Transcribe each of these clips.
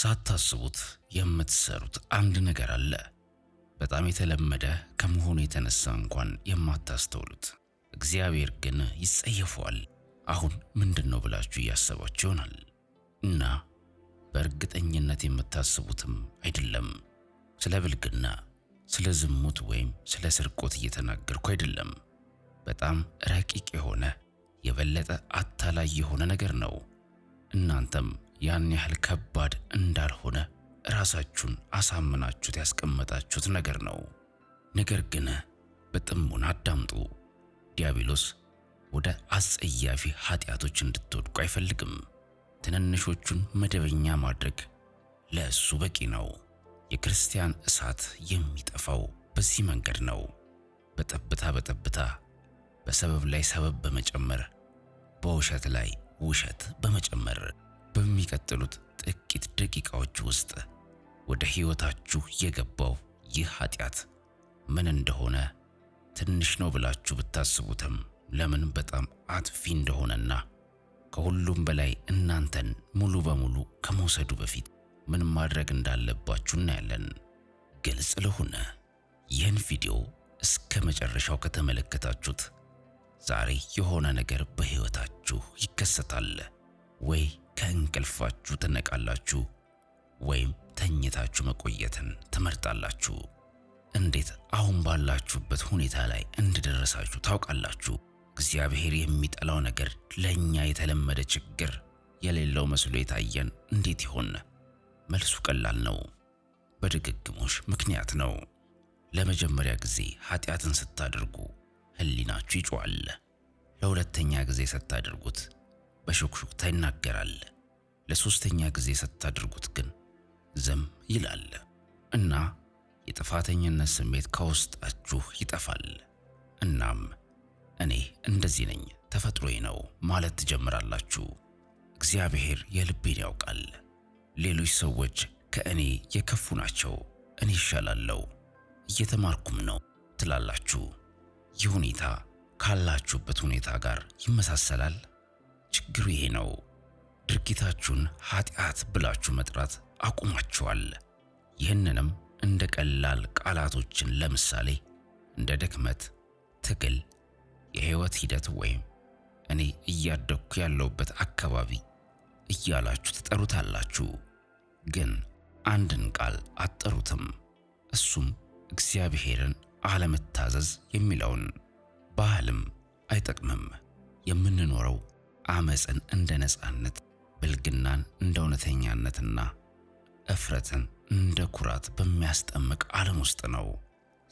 ሳታስቡት የምትሰሩት አንድ ነገር አለ። በጣም የተለመደ ከመሆኑ የተነሳ እንኳን የማታስተውሉት እግዚአብሔር ግን ይጸየፈዋል። አሁን ምንድን ነው ብላችሁ እያሰባችሁ ይሆናል እና በእርግጠኝነት የምታስቡትም አይደለም። ስለ ብልግና፣ ስለ ዝሙት ወይም ስለ ስርቆት እየተናገርኩ አይደለም። በጣም ረቂቅ የሆነ የበለጠ አታላይ የሆነ ነገር ነው። እናንተም ያን ያህል ከባድ እንዳልሆነ ራሳችሁን አሳምናችሁት ያስቀመጣችሁት ነገር ነው። ነገር ግን በጥሞና አዳምጡ። ዲያብሎስ ወደ አጸያፊ ኃጢአቶች እንድትወድቁ አይፈልግም። ትንንሾቹን መደበኛ ማድረግ ለእሱ በቂ ነው። የክርስቲያን እሳት የሚጠፋው በዚህ መንገድ ነው። በጠብታ በጠብታ በሰበብ ላይ ሰበብ በመጨመር በውሸት ላይ ውሸት በመጨመር በሚቀጥሉት ጥቂት ደቂቃዎች ውስጥ ወደ ሕይወታችሁ የገባው ይህ ኃጢአት ምን እንደሆነ ትንሽ ነው ብላችሁ ብታስቡትም ለምን በጣም አጥፊ እንደሆነና ከሁሉም በላይ እናንተን ሙሉ በሙሉ ከመውሰዱ በፊት ምን ማድረግ እንዳለባችሁ እናያለን። ግልጽ ለሆነ ይህን ቪዲዮ እስከ መጨረሻው ከተመለከታችሁት ዛሬ የሆነ ነገር በሕይወታችሁ ይከሰታል ወይ ከእንቅልፋችሁ ትነቃላችሁ ወይም ተኝታችሁ መቆየትን ትመርጣላችሁ? እንዴት አሁን ባላችሁበት ሁኔታ ላይ እንደደረሳችሁ ታውቃላችሁ? እግዚአብሔር የሚጠላው ነገር ለእኛ የተለመደ ችግር የሌለው መስሎ የታየን እንዴት ይሆን? መልሱ ቀላል ነው። በድግግሞሽ ምክንያት ነው። ለመጀመሪያ ጊዜ ኃጢአትን ስታደርጉ ህሊናችሁ ይጮዋል። ለሁለተኛ ጊዜ ስታደርጉት በሹክሹክታ ይናገራል። ለሶስተኛ ጊዜ ስታደርጉት ግን ዝም ይላል እና የጥፋተኝነት ስሜት ከውስጣችሁ ይጠፋል። እናም እኔ እንደዚህ ነኝ፣ ተፈጥሮዬ ነው ማለት ትጀምራላችሁ። እግዚአብሔር የልቤን ያውቃል። ሌሎች ሰዎች ከእኔ የከፉ ናቸው፣ እኔ ይሻላለሁ፣ እየተማርኩም ነው ትላላችሁ። ይህ ሁኔታ ካላችሁበት ሁኔታ ጋር ይመሳሰላል። ችግሩ ይሄ ነው። ድርጊታችሁን ኃጢአት ብላችሁ መጥራት አቁማችኋል። ይህንንም እንደ ቀላል ቃላቶችን ለምሳሌ እንደ ድክመት፣ ትግል፣ የህይወት ሂደት ወይም እኔ እያደግኩ ያለውበት አካባቢ እያላችሁ ትጠሩታላችሁ። ግን አንድን ቃል አትጠሩትም። እሱም እግዚአብሔርን አለመታዘዝ የሚለውን ባህልም አይጠቅምም። የምንኖረው አመፅን እንደ ነፃነት፣ ብልግናን እንደ እውነተኛነትና እፍረትን እንደ ኩራት በሚያስጠምቅ ዓለም ውስጥ ነው።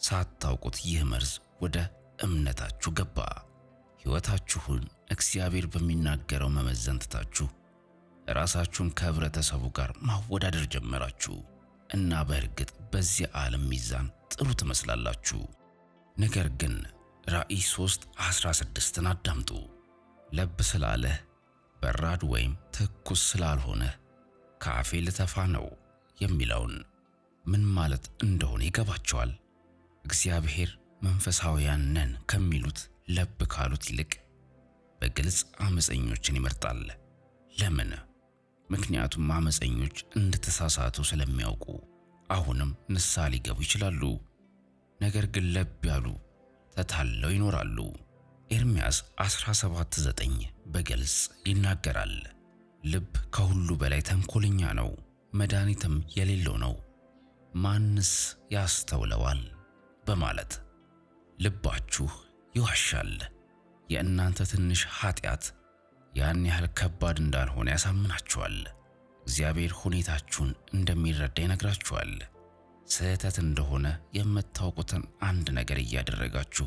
ሳታውቁት ይህ መርዝ ወደ እምነታችሁ ገባ። ሕይወታችሁን እግዚአብሔር በሚናገረው መመዘን ትታችሁ ራሳችሁን ከህብረተሰቡ ጋር ማወዳደር ጀመራችሁ እና በእርግጥ በዚህ ዓለም ሚዛን ጥሩ ትመስላላችሁ። ነገር ግን ራእይ 3 16ን አዳምጡ። ለብ ስላለ በራድ ወይም ትኩስ ስላልሆነ ከአፌ ልተፋ ነው የሚለውን ምን ማለት እንደሆነ ይገባቸዋል። እግዚአብሔር መንፈሳውያን ነን ከሚሉት ለብ ካሉት ይልቅ በግልጽ አመፀኞችን ይመርጣል። ለምን? ምክንያቱም አመፀኞች እንደተሳሳቱ ስለሚያውቁ አሁንም ንስሐ ሊገቡ ይችላሉ። ነገር ግን ለብ ያሉ ተታለው ይኖራሉ። ኤርምያስ 17፥9 በግልጽ ይናገራል። ልብ ከሁሉ በላይ ተንኮለኛ ነው፣ መድኃኒትም የሌለው ነው፣ ማንስ ያስተውለዋል? በማለት ልባችሁ ይዋሻል። የእናንተ ትንሽ ኃጢአት ያን ያህል ከባድ እንዳልሆነ ያሳምናችኋል። እግዚአብሔር ሁኔታችሁን እንደሚረዳ ይነግራችኋል። ስህተት እንደሆነ የምታውቁትን አንድ ነገር እያደረጋችሁ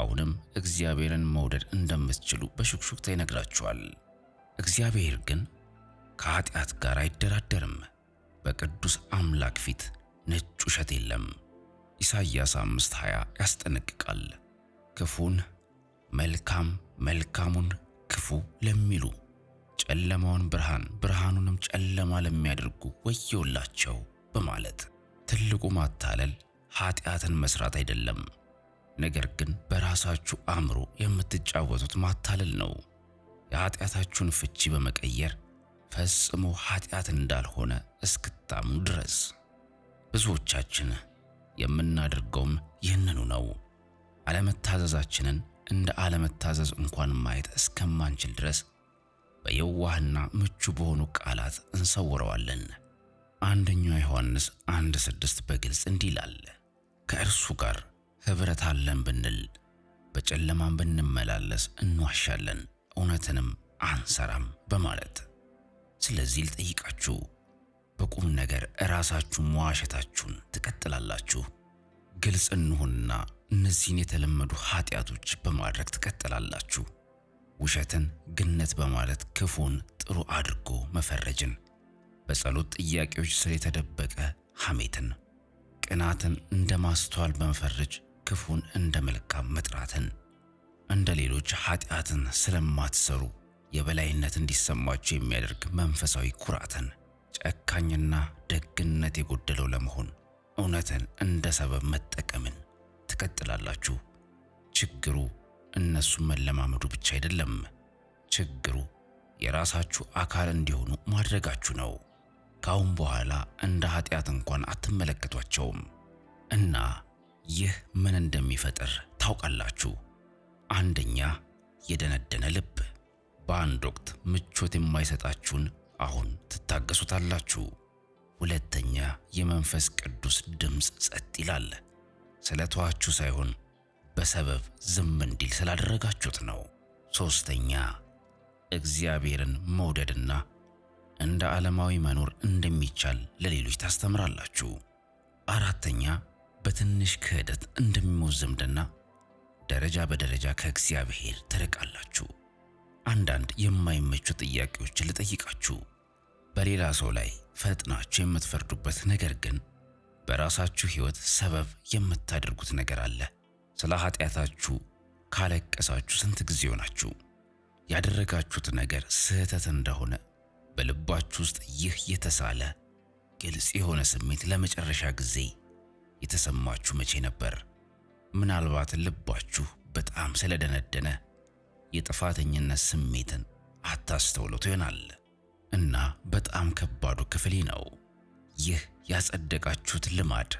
አሁንም እግዚአብሔርን መውደድ እንደምትችሉ በሹክሹክታ ይነግራችኋል። እግዚአብሔር ግን ከኃጢአት ጋር አይደራደርም። በቅዱስ አምላክ ፊት ነጭ ውሸት የለም። ኢሳይያስ 5:20 ያስጠነቅቃል። ክፉን መልካም መልካሙን ክፉ ለሚሉ ጨለማውን ብርሃን ብርሃኑንም ጨለማ ለሚያደርጉ ወየውላቸው በማለት ትልቁ ማታለል ኃጢአትን መስራት አይደለም ነገር ግን በራሳችሁ አእምሮ የምትጫወቱት ማታለል ነው። የኃጢአታችሁን ፍቺ በመቀየር ፈጽሞ ኃጢአት እንዳልሆነ እስክታምኑ ድረስ። ብዙዎቻችን የምናደርገውም ይህንኑ ነው። አለመታዘዛችንን እንደ አለመታዘዝ እንኳን ማየት እስከማንችል ድረስ በየዋህና ምቹ በሆኑ ቃላት እንሰውረዋለን። አንደኛው ዮሐንስ አንድ ስድስት በግልጽ እንዲህ ይላል ከእርሱ ጋር ኅብረት አለን ብንል በጨለማም ብንመላለስ እንዋሻለን፣ እውነትንም አንሰራም በማለት ስለዚህ ልጠይቃችሁ፣ በቁም ነገር ራሳችሁ መዋሸታችሁን ትቀጥላላችሁ? ግልጽ እንሁንና እነዚህን የተለመዱ ኃጢአቶች በማድረግ ትቀጥላላችሁ? ውሸትን ግነት በማለት ክፉን ጥሩ አድርጎ መፈረጅን፣ በጸሎት ጥያቄዎች ስር የተደበቀ ሐሜትን፣ ቅናትን እንደ ማስተዋል በመፈረጅ ክፉን እንደ መልካም መጥራትን እንደ ሌሎች ኃጢአትን ስለማትሰሩ የበላይነት እንዲሰማችሁ የሚያደርግ መንፈሳዊ ኩራትን፣ ጨካኝና ደግነት የጎደለው ለመሆን እውነትን እንደ ሰበብ መጠቀምን ትቀጥላላችሁ። ችግሩ እነሱ መለማመዱ ብቻ አይደለም። ችግሩ የራሳችሁ አካል እንዲሆኑ ማድረጋችሁ ነው። ከአሁን በኋላ እንደ ኃጢአት እንኳን አትመለከቷቸውም እና ይህ ምን እንደሚፈጥር ታውቃላችሁ? አንደኛ የደነደነ ልብ። በአንድ ወቅት ምቾት የማይሰጣችሁን አሁን ትታገሱታላችሁ። ሁለተኛ የመንፈስ ቅዱስ ድምፅ ጸጥ ይላል። ስለተዋችሁ ሳይሆን በሰበብ ዝም እንዲል ስላደረጋችሁት ነው። ሶስተኛ እግዚአብሔርን መውደድና እንደ ዓለማዊ መኖር እንደሚቻል ለሌሎች ታስተምራላችሁ። አራተኛ በትንሽ ክህደት እንደሚሞት ዝምድና ደረጃ በደረጃ ከእግዚአብሔር ትርቃላችሁ። አንዳንድ የማይመቹ ጥያቄዎችን ልጠይቃችሁ። በሌላ ሰው ላይ ፈጥናችሁ የምትፈርዱበት ነገር ግን በራሳችሁ ሕይወት ሰበብ የምታደርጉት ነገር አለ። ስለ ኃጢአታችሁ ካለቀሳችሁ ስንት ጊዜ ሆናችሁ? ያደረጋችሁት ነገር ስህተት እንደሆነ በልባችሁ ውስጥ ይህ የተሳለ ግልጽ የሆነ ስሜት ለመጨረሻ ጊዜ የተሰማችሁ መቼ ነበር? ምናልባት ልባችሁ በጣም ስለደነደነ የጥፋተኝነት ስሜትን አታስተውሎት ይሆናል። እና በጣም ከባዱ ክፍል ነው። ይህ ያጸደቃችሁት ልማድ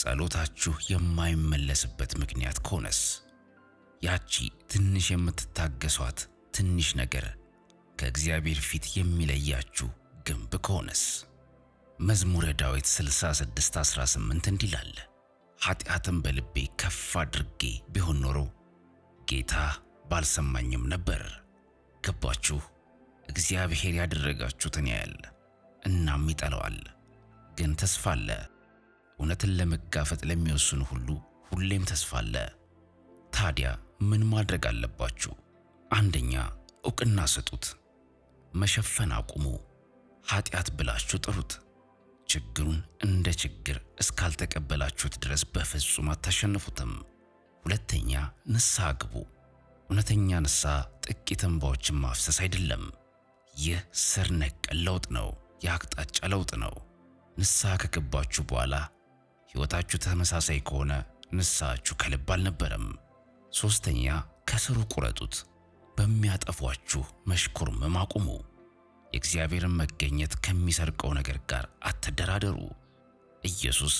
ጸሎታችሁ የማይመለስበት ምክንያት ከሆነስ ያቺ ትንሽ የምትታገሷት ትንሽ ነገር ከእግዚአብሔር ፊት የሚለያችሁ ግንብ ከሆነስ መዝሙረ ዳዊት 66:18 18 ይላል፣ ኃጢአትን በልቤ ከፍ አድርጌ ቢሆን ኖሮ ጌታ ባልሰማኝም ነበር። ገባችሁ? እግዚአብሔር ያደረጋችሁትን ያያል፣ እናም ይጠላዋል። ግን ተስፋ አለ። እውነትን ለመጋፈጥ ለሚወስኑ ሁሉ ሁሌም ተስፋ አለ። ታዲያ ምን ማድረግ አለባችሁ? አንደኛ እውቅና ስጡት። መሸፈን አቁሙ። ኃጢአት ብላችሁ ጥሩት። ችግሩን እንደ ችግር እስካልተቀበላችሁት ድረስ በፍጹም አታሸንፉትም። ሁለተኛ ንስሐ ግቡ። እውነተኛ ንስሐ ጥቂት እንባዎችን ማፍሰስ አይደለም። ይህ ስር ነቀል ለውጥ ነው፣ የአቅጣጫ ለውጥ ነው። ንስሐ ከገባችሁ በኋላ ሕይወታችሁ ተመሳሳይ ከሆነ ንስሐችሁ ከልብ አልነበረም። ሦስተኛ ከስሩ ቁረጡት። በሚያጠፏችሁ መሽኮርመም አቁሙ። የእግዚአብሔርን መገኘት ከሚሰርቀው ነገር ጋር አትደራደሩ። ኢየሱስ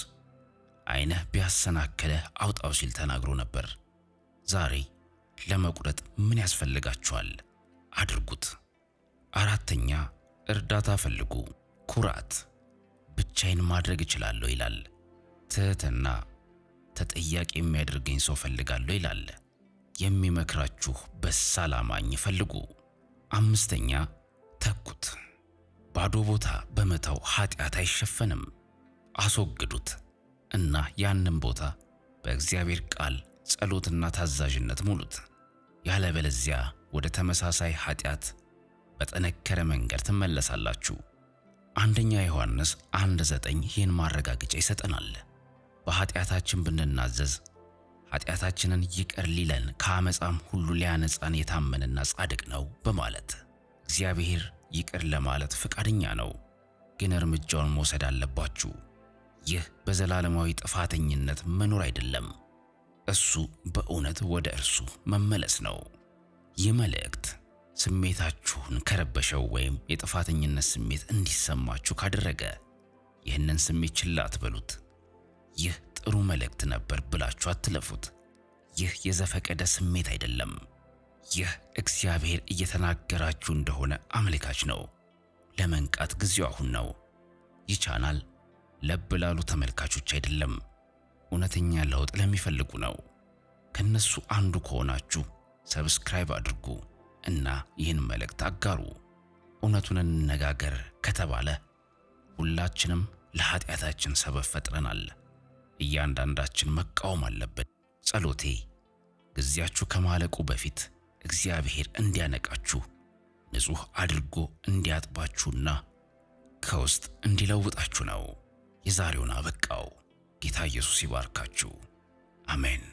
ዓይንህ ቢያሰናክልህ አውጣው ሲል ተናግሮ ነበር። ዛሬ ለመቁረጥ ምን ያስፈልጋችኋል? አድርጉት። አራተኛ እርዳታ ፈልጉ። ኩራት ብቻዬን ማድረግ እችላለሁ ይላል። ትህትና ተጠያቂ የሚያደርገኝ ሰው ፈልጋለሁ ይላል። የሚመክራችሁ በሳል አማኝ ፈልጉ። አምስተኛ ተኩት። ባዶ ቦታ በመተው ኃጢአት አይሸፈንም። አስወግዱት እና ያንን ቦታ በእግዚአብሔር ቃል ጸሎትና ታዛዥነት ሙሉት። ያለበለዚያ ወደ ተመሳሳይ ኃጢአት በጠነከረ መንገድ ትመለሳላችሁ። አንደኛ ዮሐንስ አንድ ዘጠኝ ይህን ማረጋገጫ ይሰጠናል። በኃጢአታችን ብንናዘዝ ኃጢአታችንን ይቅር ሊለን ከአመፃም ሁሉ ሊያነጻን የታመነና ጻድቅ ነው በማለት እግዚአብሔር ይቅር ለማለት ፈቃደኛ ነው፣ ግን እርምጃውን መውሰድ አለባችሁ። ይህ በዘላለማዊ ጥፋተኝነት መኖር አይደለም፣ እሱ በእውነት ወደ እርሱ መመለስ ነው። ይህ መልእክት ስሜታችሁን ከረበሸው ወይም የጥፋተኝነት ስሜት እንዲሰማችሁ ካደረገ ይህንን ስሜት ችላ አትበሉት። ይህ ጥሩ መልእክት ነበር ብላችሁ አትለፉት። ይህ የዘፈቀደ ስሜት አይደለም። ይህ እግዚአብሔር እየተናገራችሁ እንደሆነ አመልካች ነው። ለመንቃት ጊዜው አሁን ነው። ይህ ቻናል ለብ ላሉ ተመልካቾች አይደለም፣ እውነተኛ ለውጥ ለሚፈልጉ ነው። ከነሱ አንዱ ከሆናችሁ ሰብስክራይብ አድርጉ እና ይህን መልእክት አጋሩ። እውነቱን እንነጋገር ከተባለ ሁላችንም ለኃጢአታችን ሰበብ ፈጥረናል። እያንዳንዳችን መቃወም አለብን። ጸሎቴ ጊዜያችሁ ከማለቁ በፊት እግዚአብሔር እንዲያነቃችሁ ንጹሕ አድርጎ እንዲያጥባችሁና ከውስጥ እንዲለውጣችሁ ነው። የዛሬውን አበቃው። ጌታ ኢየሱስ ይባርካችሁ። አሜን።